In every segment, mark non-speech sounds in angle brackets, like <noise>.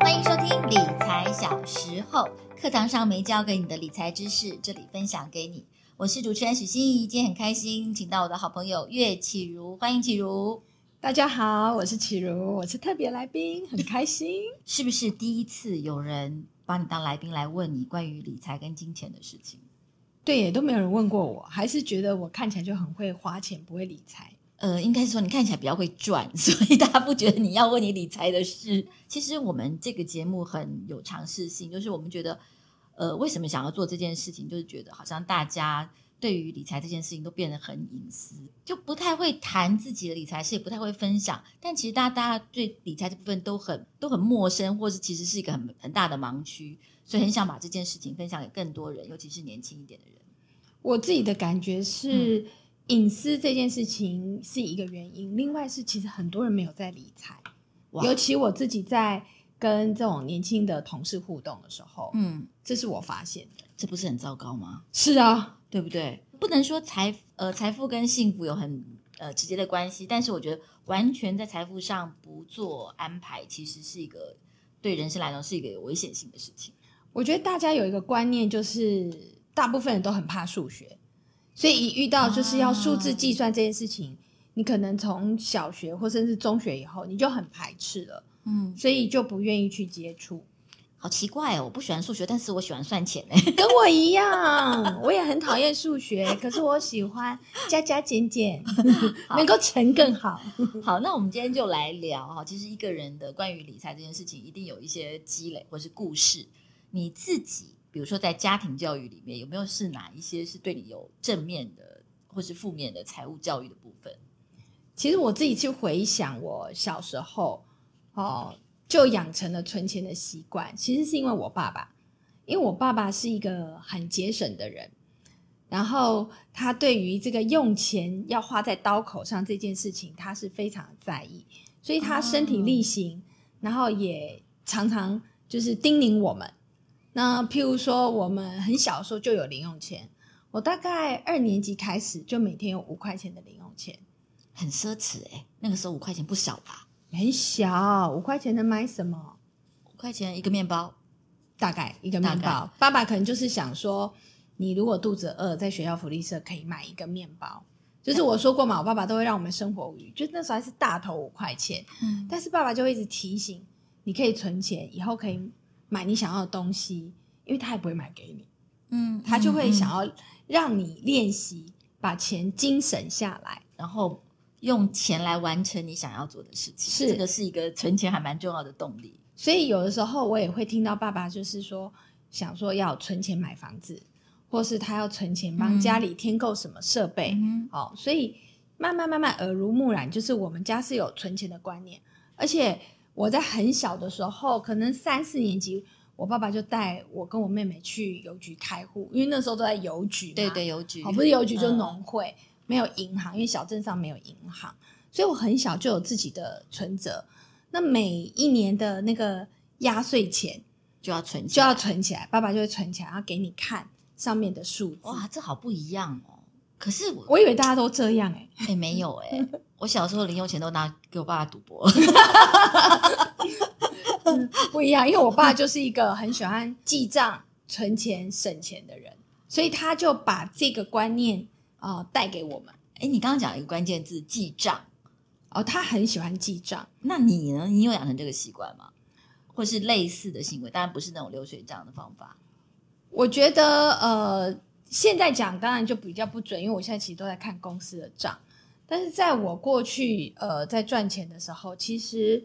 歡迎收聽理財小時候，課堂上沒教給你的理財知識，這裡分享給你。我是主持人許欣怡，今天很開心，請到我的好朋友岳啟儒，歡迎啟儒。大家好，我是啟儒，我是特別來賓，很開心。 <laughs> 是不是第一次有人把你當來賓來問你關於理財跟金錢的事情？對，也都沒有人問過我，還是覺得我看起來就很會花錢，不會理財。呃，應該是說你看起來比較會賺，所以大家不覺得你要問你理財的事。其實我們這個節目很有嘗試性，就是我們覺得，呃，為什麼想要做這件事情，就是覺得好像大家對於理財這件事情都變得很隱私，就不太會談自己的理財事，也不太會分享。但其實大家大家對理財這部分都很都很陌生，或是其實是一個很很大的盲區，所以很想把這件事情分享給更多人，尤其是年輕一點的人。我自己的感覺是。嗯隱私這件事情是一個原因，另外是其實很多人沒有在理財，哇尤其我自己在跟這種年輕的同事互動的時候，嗯，這是我發現的。這不是很糟糕嗎？是啊，對不對？不能說財呃財富跟幸福有很呃直接的關係，但是我覺得完全在財富上不做安排，其實是一個對人生來說是一個有危險性的事情。我覺得大家有一個觀念，就是大部分人都很怕數學。所以一遇到就是要數字計算這件事情，啊，你可能從小學或甚至中學以後，你就很排斥了，嗯，所以就不願意去接觸。好奇怪哦，我不喜歡數學，但是我喜歡算錢嘞，跟我一樣， <laughs> 我也很討厭數學， <laughs> 可是我喜歡加加減減， <laughs> 能夠乘更好。好。好，那我們今天就來聊哈，其實一個人的關於理財這件事情，一定有一些積累或是故事。你自己。比如說，在家庭教育裡面，有沒有是哪一些是對你有正面的或是負面的財務教育的部分？其實我自己去回想，我小時候哦，就養成了存錢的習慣。其實是因為我爸爸，因為我爸爸是一個很節省的人，然後他對於這個用錢要花在刀口上這件事情，他是非常在意，所以他身體力行，哦，然後也常常就是叮嚀我們。那譬如說，我們很小的時候就有零用錢。我大概二年級開始就每天有五塊錢的零用錢，很奢侈誒、欸、那個時候五塊錢不小吧？很小，五塊錢能買什麼？五塊錢一個麵包，大概一個麵包。大概。爸爸可能就是想說，你如果肚子餓，在學校福利社可以買一個麵包。就是我說過嘛，我爸爸都會讓我們生活無虞就是，那時候還是大頭五塊錢，嗯、但是爸爸就會一直提醒，你可以存錢，以後可以，買你想要的東西，因為他也不會買給你，嗯，他就會想要讓你練習，嗯，嗯，把錢精省下來，然後用錢來完成你想要做的事情。是這個是一個存錢還蠻重要的動力。所以有的時候我也會聽到爸爸就是說想說要存錢買房子，或是他要存錢幫家裡添購什麼設備。嗯，哦，所以慢慢慢慢耳濡目染，就是我們家是有存錢的觀念，而且。我在很小的時候，可能三四年級，我爸爸就帶我跟我妹妹去郵局開戶，因為那時候都在郵局。對對，郵局。好，不是郵局就農會，嗯、沒有銀行，因為小鎮上沒有銀行，所以我很小就有自己的存摺。那每一年的那個壓歲錢就要存起來，就要存起來，爸爸就會存起來，然後給你看上面的數字。哇，這好不一樣哦！可是我，我以為大家都這樣哎，也、欸、沒有哎、欸。 <laughs> 我小時候零用錢都拿給我爸爸賭博 <laughs> 、嗯，不一樣，因為我爸就是一個很喜歡記賬、存錢、省錢的人，所以他就把這個觀念啊、呃、帶給我們。哎，你剛剛講一個關鍵字“記賬”，哦，他很喜歡記賬那你呢？你有養成這個習慣嗎？或是類似的行為？當然不是那種流水賬的方法。我覺得呃，現在講當然就比較不準，因為我現在其實都在看公司的賬但是在我過去呃在賺錢的時候，其實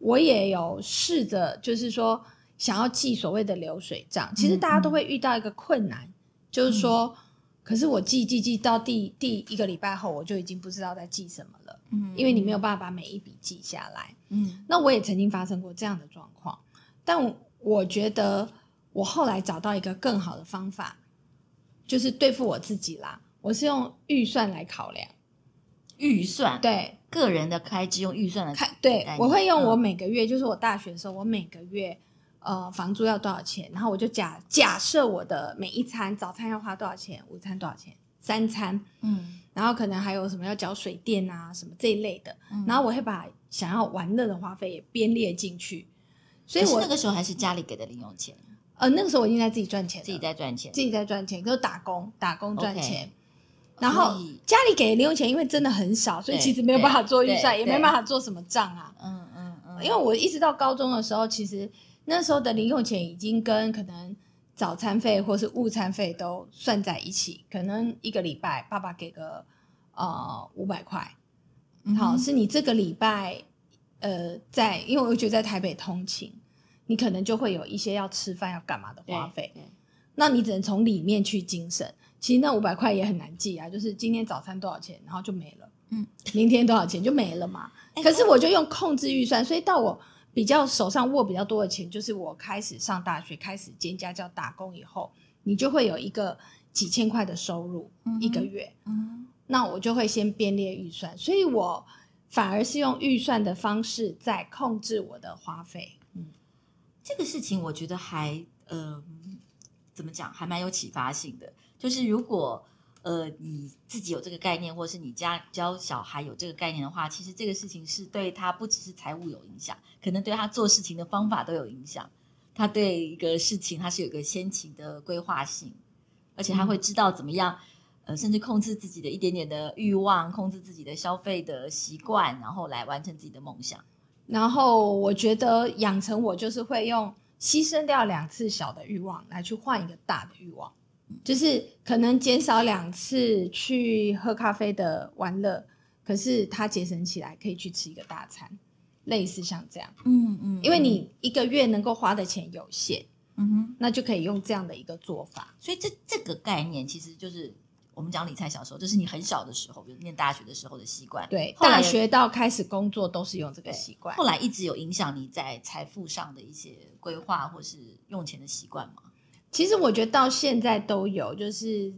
我也有試着，就是說想要記所謂的流水賬。嗯嗯。其實大家都會遇到一個困難，嗯、就是說，可是我記記記到第第一個禮拜後，我就已經不知道在記什麼了。嗯，嗯，因為你沒有辦法把每一筆記下來。嗯，那我也曾經發生過這樣的狀況，但我覺得我後來找到一個更好的方法，就是對付我自己啦。我是用預算來考量。預算對個人的開支，用預算的開對，我會用我每個月，哦、就是我大學的時候，我每個月呃房租要多少錢，然後我就假假設我的每一餐早餐要花多少錢，午餐多少錢，三餐嗯，然後可能還有什麼要繳水電啊什麼這一類的，嗯、然後我會把想要玩樂的花費也編列進去，所以我那個時候還是家裡給的零用錢，嗯、呃那個時候我已經在自己賺錢了，自己在賺錢，自己在賺錢，對就打工打工賺錢。Okay. 然後家裡給的零用錢，因為真的很少，所以其實沒有辦法做預算，也沒辦法做什麼賬啊。嗯嗯嗯，嗯嗯因為我一直到高中的時候，其實那時候的零用錢已經跟可能早餐費或是午餐費都算在一起。可能一個禮拜爸爸給個呃五百塊，嗯、哼好，是你這個禮拜呃在，因為我覺得在台北通勤，你可能就會有一些要吃飯要幹嘛的花費，那你只能從裡面去精省。其實那五百塊也很難記啊，就是今天早餐多少錢，然後就沒了。嗯，明天多少錢就沒了嘛。欸，可是我就用控制預算，所以到我比較手上握比較多的錢，就是我開始上大學，開始兼家教打工以後，你就會有一個幾千塊的收入一個月。嗯，嗯那我就會先編列預算，所以我反而是用預算的方式在控制我的花費。嗯，這個事情我覺得還呃，怎麼講，還蠻有啟發性的。就是如果呃你自己有這個概念，或是你家教小孩有這個概念的話，其實這個事情是對他不只是財務有影響，可能對他做事情的方法都有影響。他對一個事情他是有一個先期的規劃性，而且他會知道怎麼樣，呃，甚至控制自己的一點點的慾望，控制自己的消費的習慣，然後來完成自己的夢想。然後我覺得養成我就是會用犧牲掉兩次小的慾望來去換一個大的慾望。就是可能減少兩次去喝咖啡的玩樂，可是他節省起來可以去吃一個大餐，類似像這樣。嗯嗯，嗯，因為你一個月能夠花的錢有限，嗯哼，那就可以用這樣的一個做法。所以這這個概念其實就是我們講理財小時候，就是你很小的時候，比如念大學的時候的習慣。對，來大學到開始工作都是用這個習慣。對對後來一直有影響你在財富上的一些規劃或是用錢的習慣嗎？其實我覺得到現在都有，就是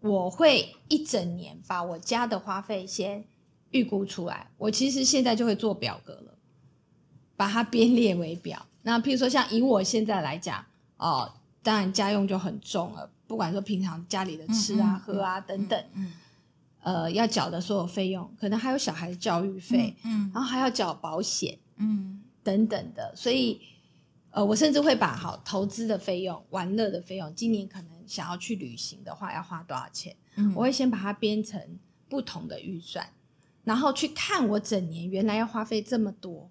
我會一整年把我家的花費先預估出來。我其實現在就會做表格了，把它編列為表。那譬如說像以我現在來講，哦，當然家用就很重了，不管說平常家裡的吃啊、喝啊等等，嗯，嗯嗯嗯嗯呃，要繳的所有費用，可能還有小孩的教育費，嗯，嗯然後還要繳保險，嗯，等等的，所以。呃，我甚至會把好投資的費用、玩樂的費用，今年可能想要去旅行的話要花多少錢，嗯、我會先把它編成不同的預算，然後去看我整年原來要花費這麼多，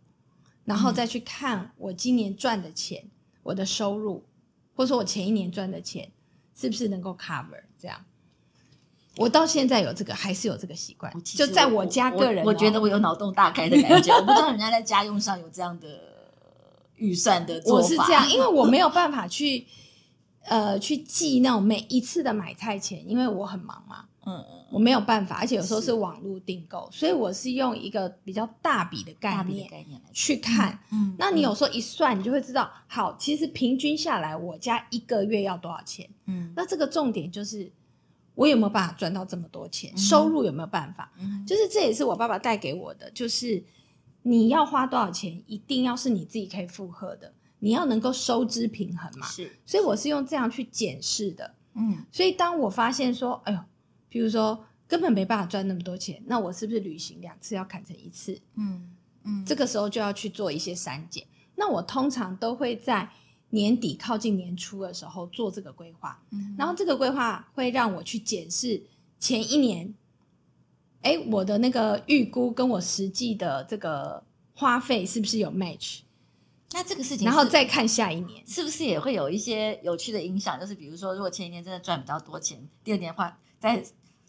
然後再去看我今年賺的錢、嗯、我的收入，或者說我前一年賺的錢是不是能夠 cover 這樣。我到現在有這個，還是有這個習慣，就在我家個人、啊我我，我覺得我有腦洞大開的感覺， <laughs> 我不知道人家在家用上有這樣的。預算的，我是這樣，因為我沒有辦法去， <laughs> 呃，去記那種每一次的買菜錢，因為我很忙嘛，嗯嗯，我沒有辦法，而且有時候是網路訂購，是所以我是用一個比較大筆的概念去看，嗯，嗯嗯，那你有時候一算，你就會知道，好，其實平均下來，我家一個月要多少錢，嗯，那這個重點就是，我有沒有辦法賺到這麼多錢，嗯、哼收入有沒有辦法，嗯哼，就是這也是我爸爸帶給我的，就是。你要花多少錢，一定要是你自己可以負荷的，你要能夠收支平衡嘛。是，是所以我是用這樣去檢視的。嗯，所以當我發現說，哎呦，譬如說根本沒辦法賺那麼多錢，那我是不是旅行兩次要砍成一次？嗯嗯，嗯這個時候就要去做一些刪減。那我通常都會在年底靠近年初的時候做這個規劃，嗯、然後這個規劃會讓我去檢視前一年。哎，我的那個預估跟我實際的這個花費是不是有 match？那這個事情，然後再看下一年是不是也會有一些有趣的影響？就是比如說，如果前一年真的賺比較多錢，第二年的話，在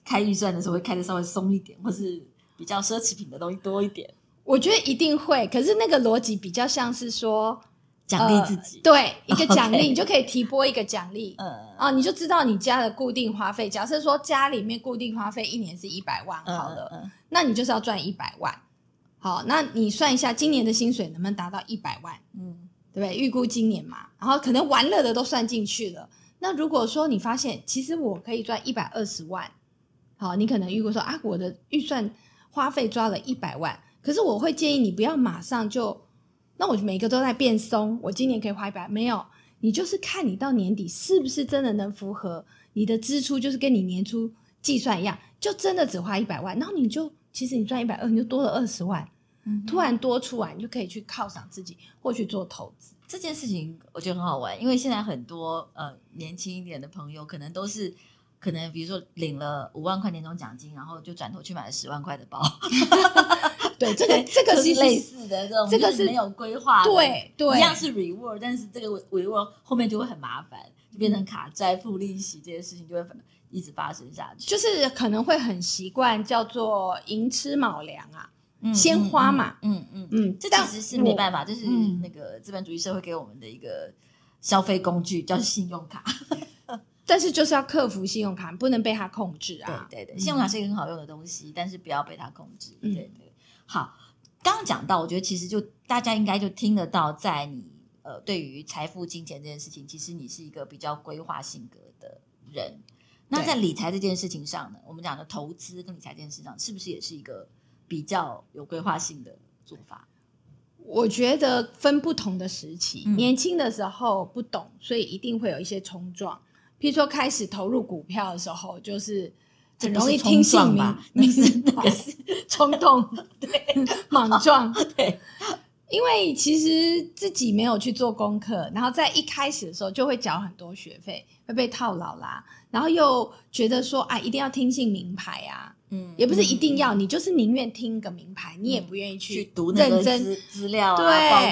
開預算的時候會開得稍微鬆一點，或是比較奢侈品的東西多一點。我覺得一定會，可是那個邏輯比較像是說。獎勵自己、呃，對一個獎勵，oh, okay 你就可以提撥一個獎勵，嗯啊、呃哦，你就知道你家的固定花費。假設說家裡面固定花費一年是一百萬，好了，那你就是要賺一百萬，好，那你算一下今年的薪水能不能達到一百萬，嗯，對不對？預估今年嘛，然後可能玩樂的都算進去了。那如果說你發現其實我可以賺一百二十萬，好，你可能預估說啊，我的預算花費抓了一百萬，可是我會建議你不要馬上就。那我每個都在變鬆，我今年可以花一百，沒有，你就是看你到年底是不是真的能符合你的支出，就是跟你年初計算一樣，就真的只花一百萬，然後你就其實你賺一百二，你就多了二十萬，嗯、哼突然多出來，你就可以去犒賞自己，或去做投資。這件事情我覺得很好玩，因為現在很多呃年輕一點的朋友可能都是。可能比如說領了五萬塊年終獎金，然後就轉頭去買了十萬塊的包。 <laughs> <laughs> 對，這個對這個是類似的這種，這個是，是沒有規劃的，對，對一樣是 reward，但是這個 reward 後面就會很麻煩，嗯、就變成卡債、付利息這些事情就會一直發生下去。就是可能會很習慣叫做寅吃卯糧啊，先、嗯、花嘛，嗯嗯嗯，嗯嗯嗯我這其實是沒辦法，就是那個資本主義社會給我們的一個消費工具、嗯、叫信用卡。但是就是要克服信用卡、嗯、不能被它控制啊！對,對對，信用卡是一個很好用的東西，嗯、但是不要被它控制。對對，好，剛,剛講到，我覺得其實就大家應該就聽得到，在你呃對於財富、金錢這件事情，其實你是一個比較規劃性格的人。那在理財這件事情上呢，我們講的投資跟理財這件事情上，是不是也是一個比較有規劃性的做法？我覺得分不同的時期，嗯、年輕的時候不懂，所以一定會有一些衝撞。譬如說，開始投入股票的時候，就是很容易聽信名名，可是衝動， <laughs> 對，莽 <laughs> 撞，對。因為其實自己沒有去做功課，然後在一開始的時候就會繳很多學費，會被套牢啦。然後又覺得說，啊，哎，一定要聽信名牌啊。嗯，也不是一定要，你就是寧願聽個名牌，你也不願意去讀那個資料啊。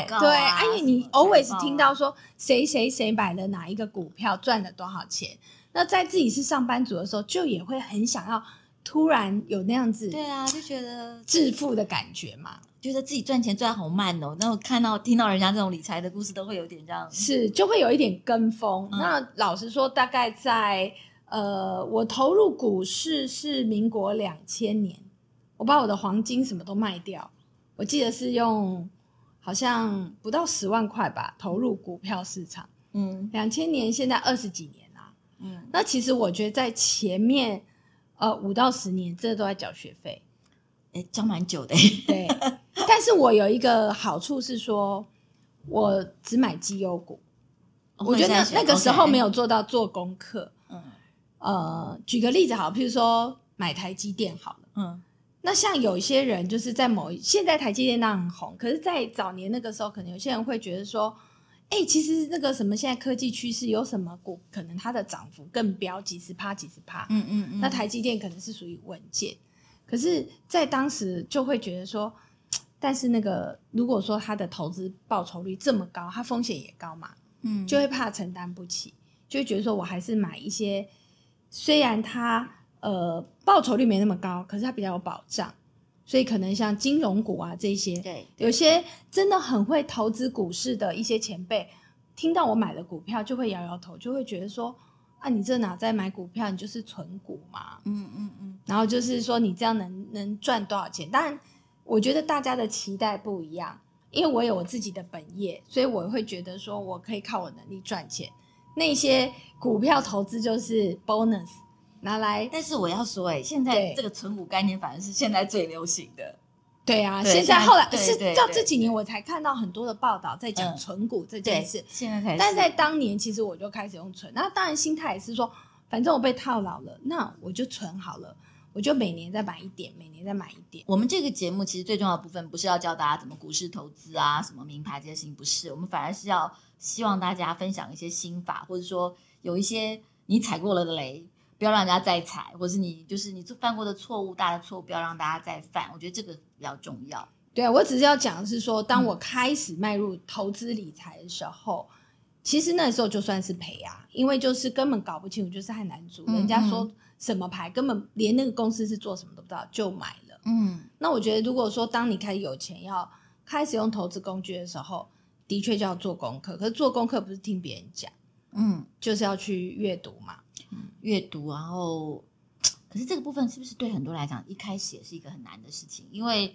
對對，而且你偶爾是聽到說誰誰誰買了哪一個股票賺了多少錢，那在自己是上班族的時候，就也會很想要突然有那樣子，對啊，就覺得致富的感覺嘛，覺得自己賺錢賺好慢哦。那我看到聽到人家這種理財的故事，都會有點這樣，是就會有一點跟風。那老實說，大概在。呃，我投入股市是民國兩千年，我把我的黃金什麼都賣掉，我記得是用好像不到十萬塊吧投入股票市場。嗯，兩千年現在二十幾年啦、啊。嗯，那其實我覺得在前面呃五到十年，這個、都在繳學費，哎、欸，交蠻久的、欸。對， <laughs> 但是我有一個好處是說，我只買績優股。我覺得那,那個時候沒有做到做功課。Okay. 呃，舉個例子好，譬如說買台積電好了，嗯，那像有一些人就是在某一現在台積電那很紅，可是，在早年那個時候，可能有些人會覺得說，哎，其實那個什麼，現在科技趨勢有什麼股，可能它的漲幅更飆，幾十趴，幾十趴，嗯嗯那台積電可能是屬於穩健，可是，在當時就會覺得說，但是那個如果說它的投資報酬率這麼高，它風險也高嘛，嗯，就會怕承擔不起，就會覺得說我還是買一些。雖然它呃報酬率沒那麼高，可是它比較有保障，所以可能像金融股啊這些，對，對對有些真的很會投資股市的一些前輩，聽到我買了股票就會搖搖頭，就會覺得說啊你這哪在買股票，你就是存股嘛。嗯，嗯嗯嗯，然後就是說你這樣能能賺多少錢？當然我覺得大家的期待不一樣，因為我有我自己的本業，所以我會覺得說我可以靠我能力賺錢。那些股票投資就是 bonus 拿來，但是我要說、欸，哎，現在這個存股概念反而是現在最流行的。對啊，對現在後來對是到這幾年我才看到很多的報道在講存股這件事。嗯、現在才是，但是在當年其實我就開始用存，那當然心態也是說，反正我被套牢了，那我就存好了，我就每年再買一點，每年再買一點。我們這個節目其實最重要的部分不是要教大家怎麼股市投資啊，什麼名牌這些事情，不是，我們反而是要。希望大家分享一些心法，或者說有一些你踩過了的雷，不要讓人家再踩，或者是你就是你犯過的錯誤，大的錯誤不要讓大家再犯。我覺得這個比較重要。對啊，我只是要講的是說，當我開始邁入投資理財的時候，嗯，其實那時候就算是賠啊，因為就是根本搞不清楚，就是太難做。嗯嗯，人家說什麼牌，根本連那個公司是做什麼都不知道就買了。嗯，那我覺得如果說當你開始有錢要開始用投資工具的時候。的確就要做功課，可是做功課不是聽別人講，嗯，就是要去閱讀嘛，閱、嗯、讀，然後，可是這個部分是不是對很多人來講一開始也是一個很難的事情？因爲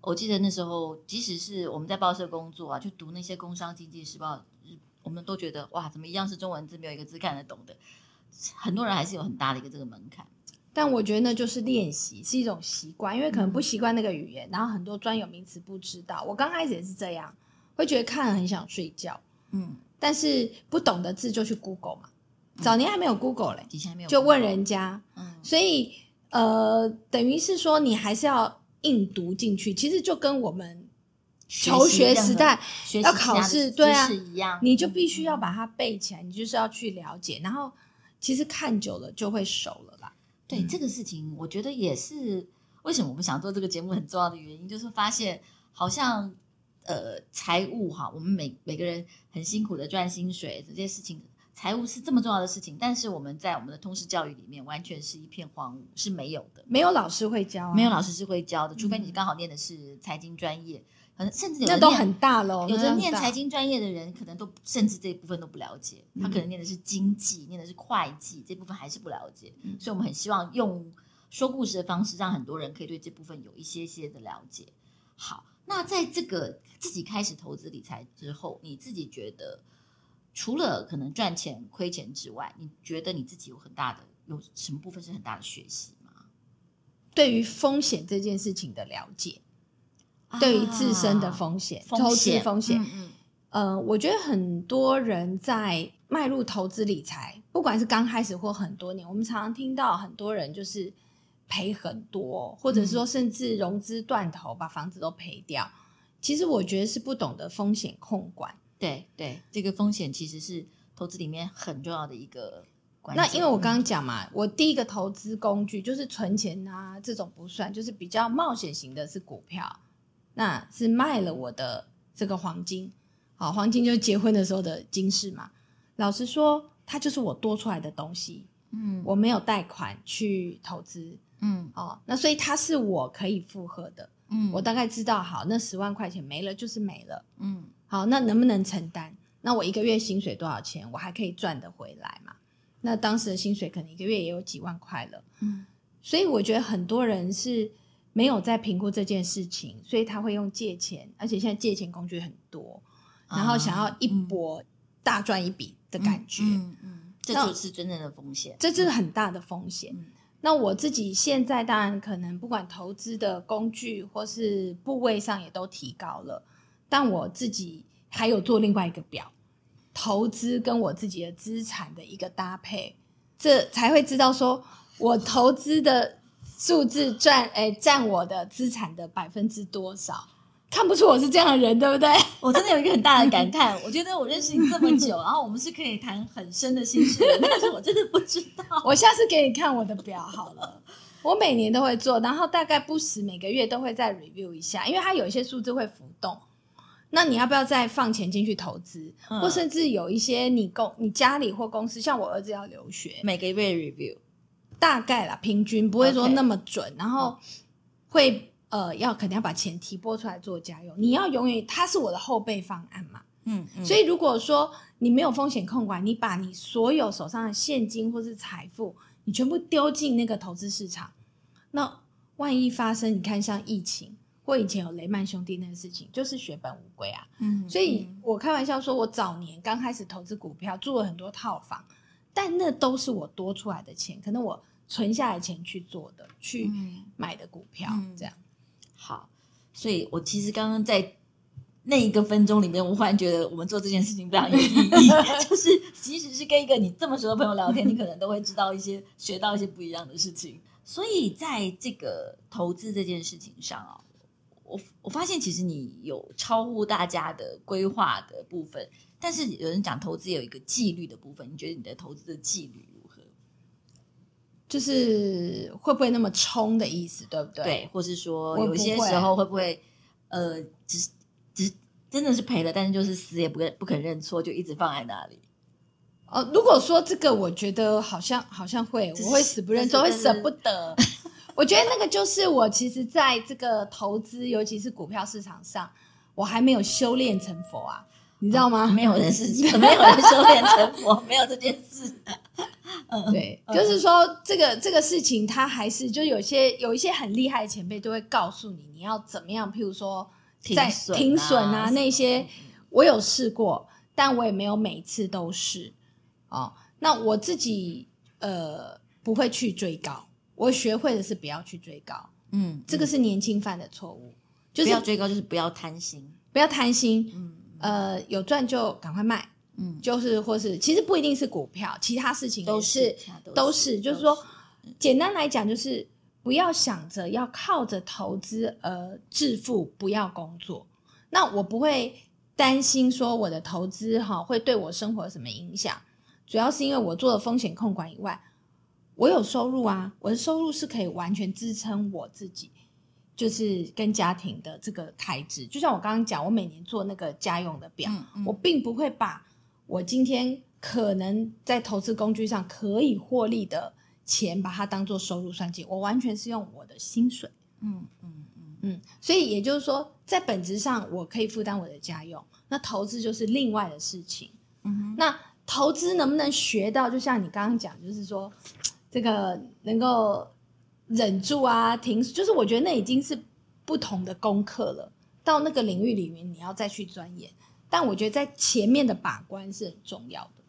我記得那時候，即使是我們在報社工作啊，就讀那些《工商經濟時報》，我們都覺得哇，怎麼一樣是中文字，沒有一個字看得懂的？很多人還是有很大的一個這個門檻。但我覺得那就是練習是一種習慣，因爲可能不習慣那個語言，嗯、然後很多專有名詞不知道。我剛開始也是這樣。會覺得看了很想睡覺，嗯，但是不懂的字就去 Google 嘛，嗯、早年還沒有 Google 嘞，以前沒有，就問人家，嗯，所以呃，等於是說你還是要硬讀進去，嗯、其實就跟我們求學時代要考試學習對啊，嗯、你就必須要把它背起來，你就是要去了解，嗯、然後其實看久了就會熟了啦。嗯、對，這個事情我覺得也是為什麼我們想做這個節目很重要的原因，就是發現好像。呃，財務哈，我們每每個人很辛苦的賺薪水，這些事情，財務是這麼重要的事情，但是我們在我們的通識教育裡面，完全是一片荒蕪，是沒有的，沒有老師會教，啊，沒有老師是會教的，除非你剛好念的是財經專業，嗯、可能甚至有的，那都很大嘍，大有的念財經專業的人，可能都甚至這一部分都不了解，他可能念的是經濟，嗯、念的是會計，這部分還是不了解，嗯、所以我們很希望用說故事的方式，讓很多人可以對這部分有一些些的了解。好。那在這個自己開始投資理財之後，你自己覺得除了可能賺錢虧錢之外，你覺得你自己有很大的，有什麼部分是很大的學習嗎？對於風險這件事情的了解，啊、對於自身的風險、風險投資風險，嗯，嗯、呃，我覺得很多人在邁入投資理財，不管是剛開始或很多年，我們常常聽到很多人就是。賠很多，或者是說甚至融資斷頭，嗯、把房子都賠掉。其實我覺得是不懂得風險控管。對對，這個風險其實是投資裡面很重要的一個。那因為我剛剛講嘛，我第一個投資工具就是存錢啊，這種不算，就是比較冒險型的是股票。那是賣了我的這個黃金，好，黃金就是結婚的時候的金飾嘛。老實說，它就是我多出來的東西。嗯，我沒有貸款去投資。嗯，哦，那所以他是我可以負荷的，嗯，我大概知道，好，那十萬塊錢沒了就是沒了，嗯，好，那能不能承擔？那我一個月薪水多少錢？我還可以賺得回來嘛？那當時的薪水可能一個月也有幾萬塊了，嗯，所以我覺得很多人是沒有在評估這件事情，所以他會用借錢，而且現在借錢工具很多，嗯、然後想要一搏大賺一筆的感覺，嗯嗯，嗯，嗯，這就是真正的風險，這就是很大的風險。嗯那我自己現在當然可能不管投資的工具或是部位上也都提高了，但我自己還有做另外一個表，投資跟我自己的資產的一個搭配，這才會知道說我投資的數字占誒占我的資產的百分之多少。看不出我是這樣的人，對不對？我真的有一個很大的感嘆。 <laughs> 我覺得我認識你這麼久，然後我們是可以談很深的心事的， <laughs> 但是我真的不知道。我下次給你看我的表好了。我每年都會做，然後大概不時每個月都會再 review 一下，因為它有一些數字會浮動。那你要不要再放錢進去投資，嗯、或甚至有一些你公、你家裡或公司，像我兒子要留學，每個月 review，大概啦，平均不會說那麼準，Okay 然後會。呃，要肯定要把錢提撥出來做家用。你要永遠，它是我的後備方案嘛。嗯，嗯。所以如果說你沒有風險控管，你把你所有手上的現金或是財富，你全部丟進那個投資市場，那萬一發生，你看像疫情或以前有雷曼兄弟那個事情，就是血本無歸啊。嗯。嗯。所以我開玩笑說，我早年剛開始投資股票，做了很多套房，但那都是我多出來的錢，可能我存下來錢去做的，去買的股票，嗯，這樣。好，所以我其實剛剛在那一個分鐘裡面，我忽然覺得我們做這件事情非常有意義， <laughs> 就是即使是跟一個你這麼熟的朋友聊天，你可能都會知道一些、學到一些不一樣的事情。 <laughs> 所以在這個投資這件事情上啊，我我發現其實你有超乎大家的規劃的部分，但是有人講投資有一個紀律的部分，你覺得你的投資的紀律？就是會不會那麼衝的意思，對不對？對，或是說有一些時候會不會呃，只只真的是賠了，但是就是死也不肯不肯認錯，就一直放在那裡。哦、呃，如果說這個，我覺得好像好像會，是我會死不認錯，是會捨不得。 <laughs> 我覺得那個就是我，其實在這個投資，尤其是股票市場上，我還沒有修煉成佛啊。你知道嗎？沒有人是沒有人修煉成佛，沒有這件事。嗯，對，就是說這個這個事情，他還是就有些有一些很厲害的前輩都會告訴你，你要怎麼樣，譬如說停停損啊那些。我有試過，但我也沒有每次都試哦，那我自己呃不會去追高，我學會的是不要去追高。嗯，這個是年輕犯的錯誤，就是不要追高，就是不要貪心，不要貪心。嗯。呃，有賺就趕快賣，嗯，就是或是其實不一定是股票，其他事情都是都是，就是說，嗯，簡單來講就是不要想着要靠着投資而致富，不要工作。那我不會擔心說我的投資哈會對我生活有什麼影響，主要是因為我做了風險控管以外，我有收入啊，我的收入是可以完全支撐我自己。就是跟家庭的這個開支，就像我剛剛講，我每年做那個家用的表，嗯嗯、我並不會把我今天可能在投資工具上可以獲利的錢，把它當做收入算計。我完全是用我的薪水。嗯嗯嗯嗯，所以也就是說，在本質上我可以負擔我的家用，那投資就是另外的事情。嗯哼，那投資能不能學到？就像你剛剛講，就是說這個能夠。忍住啊，停！就是我覺得那已經是不同的功課了。到那個領域裡面，你要再去鑽研。但我覺得在前面的把關是很重要的。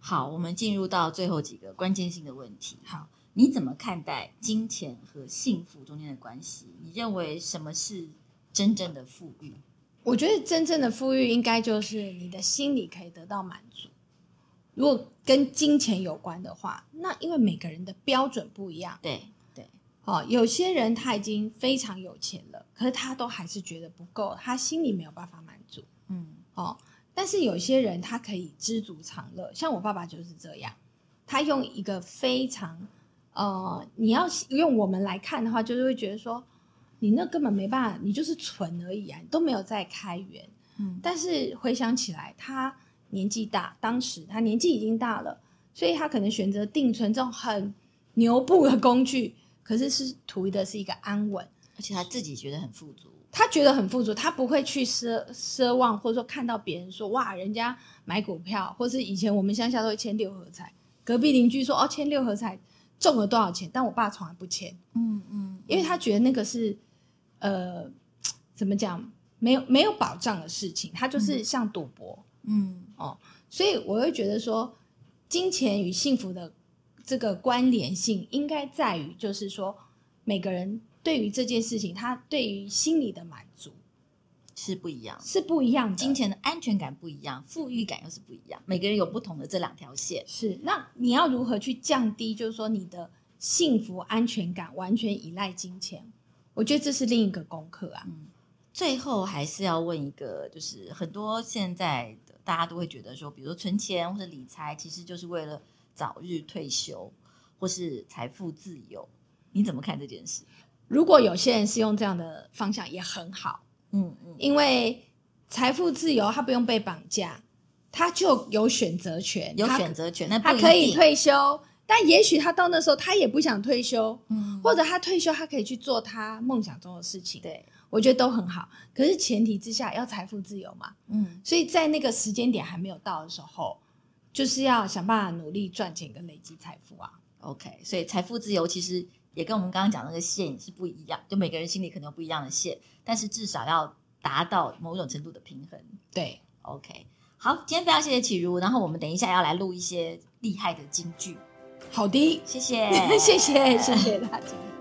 好，我們進入到最後幾個關鍵性的問題。好，你怎麼看待金錢和幸福中間的關係？你認為什麼是真正的富裕？我覺得真正的富裕應該就是你的心理可以得到滿足。如果跟金錢有關的話，那因為每個人的標準不一樣，對。哦，有些人他已經非常有錢了，可是他都還是覺得不夠，他心裡沒有辦法滿足。嗯，哦，但是有些人他可以知足常樂，像我爸爸就是這樣，他用一個非常呃，你要用我們來看的話，就是會覺得說，你那根本沒辦法，你就是存而已啊，你都沒有在開源。嗯，但是回想起來，他年紀大，當時他年紀已經大了，所以他可能選擇定存這種很牛步的工具。可是是圖的是一個安穩，而且他自己覺得很富足。他覺得很富足，他不會去奢奢望，或者說看到別人說哇，人家買股票，或是以前我們鄉下都會簽六合彩，隔壁鄰居說哦，簽六合彩中了多少錢？但我爸從來不簽，嗯嗯，嗯因為他覺得那個是呃，怎麼講，沒有沒有保障的事情，他就是像賭博，嗯，嗯哦，所以我會覺得說，金錢與幸福的。這個關聯性應該在於，就是說每個人對於這件事情，他對於心理的滿足是不一樣，是不一樣的。金錢的安全感不一樣，富裕感又是不一樣。每個人有不同的這兩條線。是，那你要如何去降低？就是說你的幸福安全感完全依賴金錢，我覺得這是另一個功課啊。嗯，最後還是要問一個，就是很多現在的大家都會覺得說，比如存錢或者理財，其實就是為了。早日退休，或是財富自由，你怎麼看這件事？如果有些人是用這樣的方向也很好，嗯，嗯，因為財富自由，他不用被綁架，他就有選擇權，有選擇權，那他，他可以退休。退休，但也許他到那時候他也不想退休，嗯，或者他退休，他可以去做他夢想中的事情。對，我覺得都很好。可是前提之下要財富自由嘛，嗯，所以在那個時間點還沒有到的時候。就是要想辦法努力賺錢跟累積財富啊，OK，所以財富自由其實也跟我們剛剛講那個線是不一樣，就每個人心裡可能有不一樣的線，但是至少要達到某種程度的平衡。對，OK，好，今天非常謝謝啟儒，然後我們等一下要來錄一些厲害的金句，好的，謝謝， <laughs> 謝謝，謝謝大家。